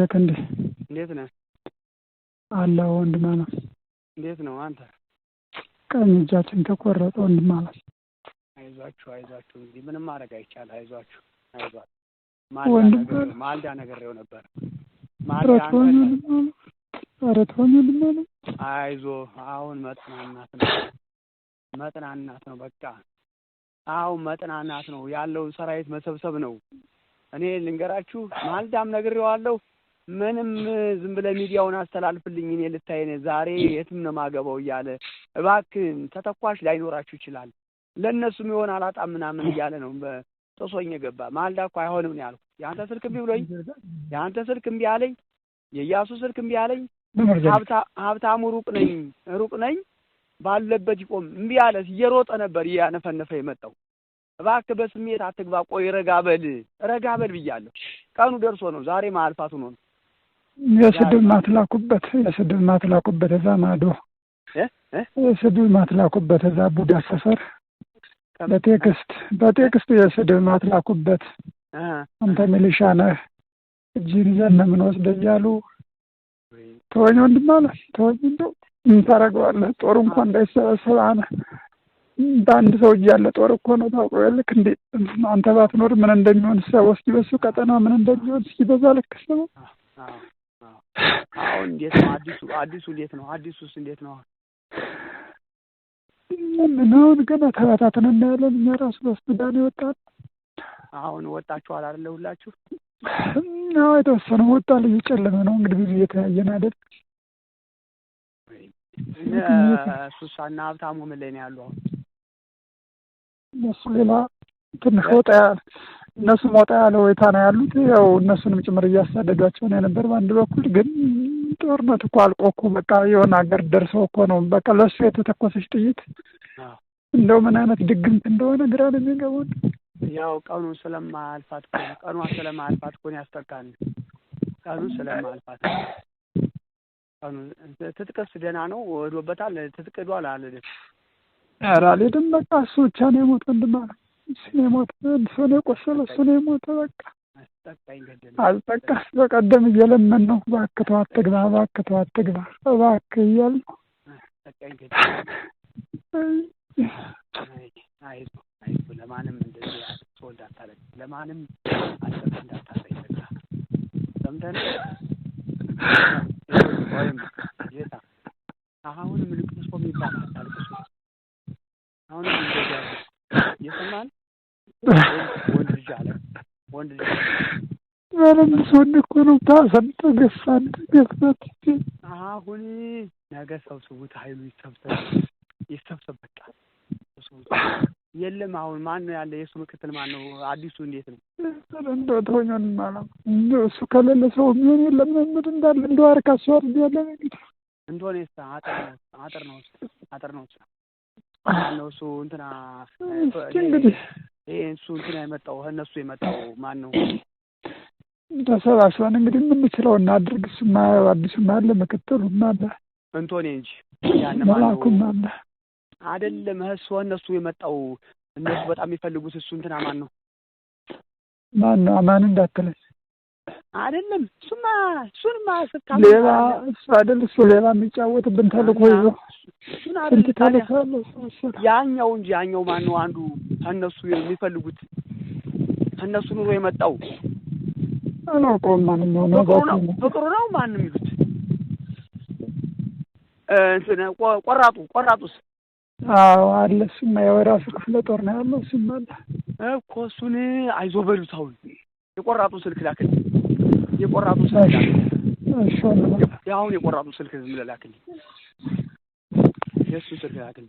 ያ ክንዴ እንዴት ነህ? አለሁ ወንድማማች። እንዴት ነው አንተ? ቀኝ እጃችን ተቆረጠ ወንድማማች። አይዟችሁ አይዟችሁ፣ እንግዲህ ምንም ማድረግ አይቻል። አይዟችሁ አይዟችሁ። ማልዳ ነግሬው ነበር። ማልዳ ረት ሆኝ ወንድማማች። አይዞ አሁን መጥናናት ነው መጥናናት ነው በቃ አሁን መጥናናት ነው ያለውን ሰራዊት መሰብሰብ ነው። እኔ ልንገራችሁ ማልዳም ነግሬዋለሁ ምንም ዝም ብለህ ሚዲያውን አስተላልፍልኝ እኔ ልታይነ ዛሬ የትም ነው ማገባው እያለ እባክህን ተተኳሽ ላይኖራችሁ ይችላል ለእነሱም የሆን አላጣ ምናምን እያለ ነው ጥሶኝ የገባ ማልዳ እኮ አይሆንም ነው ያልኩት። የአንተ ስልክ እምቢ ብሎኝ የአንተ ስልክ እምቢ አለኝ፣ የእያሱ ስልክ እምቢ አለኝ። ሀብታሙ ሩቅ ነኝ ሩቅ ነኝ ባለበት ይቆም እምቢ አለ። እየሮጠ ነበር እያነፈነፈ የመጣው። እባክህ በስሜት አትግባ፣ ቆይ ረጋበል ረጋበል ብያለሁ። ቀኑ ደርሶ ነው ዛሬ ማልፋቱ ነው። የስድብ ማትላኩበት የስድብ ማትላኩበት እዛ ማዶ የስድብ ማትላኩበት እዛ ቡዳ ሰፈር በቴክስት በቴክስት የስድብ ማትላኩበት አንተ ሚሊሻ ነህ እጅን ይዘን ለምን ወስደ እያሉ ተወኝ ወንድም አለ ተወኝ እንደው ምን ታደርገዋለህ? ጦር እንኳ እንዳይሰበሰብ አነ በአንድ ሰው እጅ ያለ ጦር እኮ ነው ታውቆ ልክ እንዴ አንተ ባትኖር ምን እንደሚሆን ሰው እስኪበሱ ቀጠና ምን እንደሚሆን እስኪበዛ ልክ ሰው አሁን እንዴት ነው አዲሱ አዲሱ እንዴት ነው አዲሱስ እንዴት ነው? ምን አሁን ገና ተበታተን እናያለን። እኛ ራሱ በስዳን ይወጣል። አሁን ወጣችኋል አይደለ? ሁላችሁ ነው የተወሰነ ወጣል። እየጨለመ ነው እንግዲህ ብዙ እየተያየን አይደል? ሱሳና ሀብታሙ ምን ላይ ነው ያሉ? አሁን እሱ ሌላ ትንሽ ወጣ እነሱ ወጣ ያለ ሁኔታ ነው ያሉት። ያው እነሱንም ጭምር እያሳደዷቸው ነው የነበር። በአንድ በኩል ግን ጦርነት እኮ አልቆ እኮ በቃ የሆነ ሀገር ደርሰው እኮ ነው በቃ ለእሱ የተተኮሰች ጥይት እንደው ምን አይነት ድግምት እንደሆነ ግራ ነው የሚገቡን። ያው ቀኑ ስለማልፋት እኮ ቀኗ ስለማያልፋት እኮ ያስጠቃል። ቀኑ ስለማልፋት ቀኑ ትጥቅስ ደህና ነው ወዶበታል። ትጥቅ ዷል አልልም ኧረ አልሄድም በቃ እሱ ብቻ ነው የሞት ወንድማ ነው እሱን የሞተ እሱን የቆሰለ እሱን የሞተ በቃ አልጠቃስ በቀደም እየለመን ነው እባክህ ተው አትግባ፣ እባክህ ተው አትግባ፣ እባክህ እያልን ነው። ለማንም እንደዚህ ሶልድ አታለቅ፣ ለማንም አልጠቅ እንዳታሳይ በቃ ሰምተን ወይም ጌታ አሁን ምልክት ሰው የሚባላል ወንድ ልጅ አለ። ወንድ ልጅ መለምስ ወንድ እኮ ነው። ታሰምጠ ገፋን ገፋት። አሁን ነገ ሰብስቡት፣ ኃይሉ ይሰብሰብ ይሰብሰብ። በቃ ሰብስቡት። የለም አሁን ማን ነው ያለ? የእሱ ምክትል ማን ነው? አዲሱ እንዴት ነው? እንደ ተወኛን ማለት እሱ ከሌለ ሰው የሚሆን የለም። መምድ እንዳለ እንደው አርካ ሰው አርግ ያለ እንደሆነ ሳ አጥር ነው አጥር ነው እሱ እንትና እንግዲህ ይሄ እሱ እንትን የመጣው እነሱ የመጣው ማን ነው? ተሰባስበን እንግዲህ የምንችለው እናድርግ። እሱማ አዲሱማ አለ፣ ምክትሉም አለ፣ እንቶኔ እንጂ መላኩም አለ አይደለም። እሱ እነሱ የመጣው እነሱ በጣም የሚፈልጉት እሱ እንትና ማን ነው? ማን ነው? አማን እንዳትለኝ አይደለም እሱማ እሱንማ ስታ ሌላ እሱ አይደል እሱ ሌላ የሚጫወትብን ተልእኮ ይዞ ስንት ተልእኮ ያኛው እንጂ ያኛው ማን ነው አንዱ ከእነሱ የሚፈልጉት ከእነሱ ኑሮ የመጣው አላውቀውም። ማንኛው ነው ፍቅሩ ነው ማን ነው የሚሉት እንትን ቆራጡ ቆራጡስ? አዎ አለ። እሱማ ያው የራሱ ክፍለ ጦር ነው ያለው። እሱማ አለ እኮ እሱን አይዞ በሉት። አሁን የቆራጡ ስልክ ላክልኝ የቆራጡ ስልክ አሁን የቆራጡ ስልክ ዝም ብለህ ላክልኝ፣ የእሱን ስልክ ላክልኝ።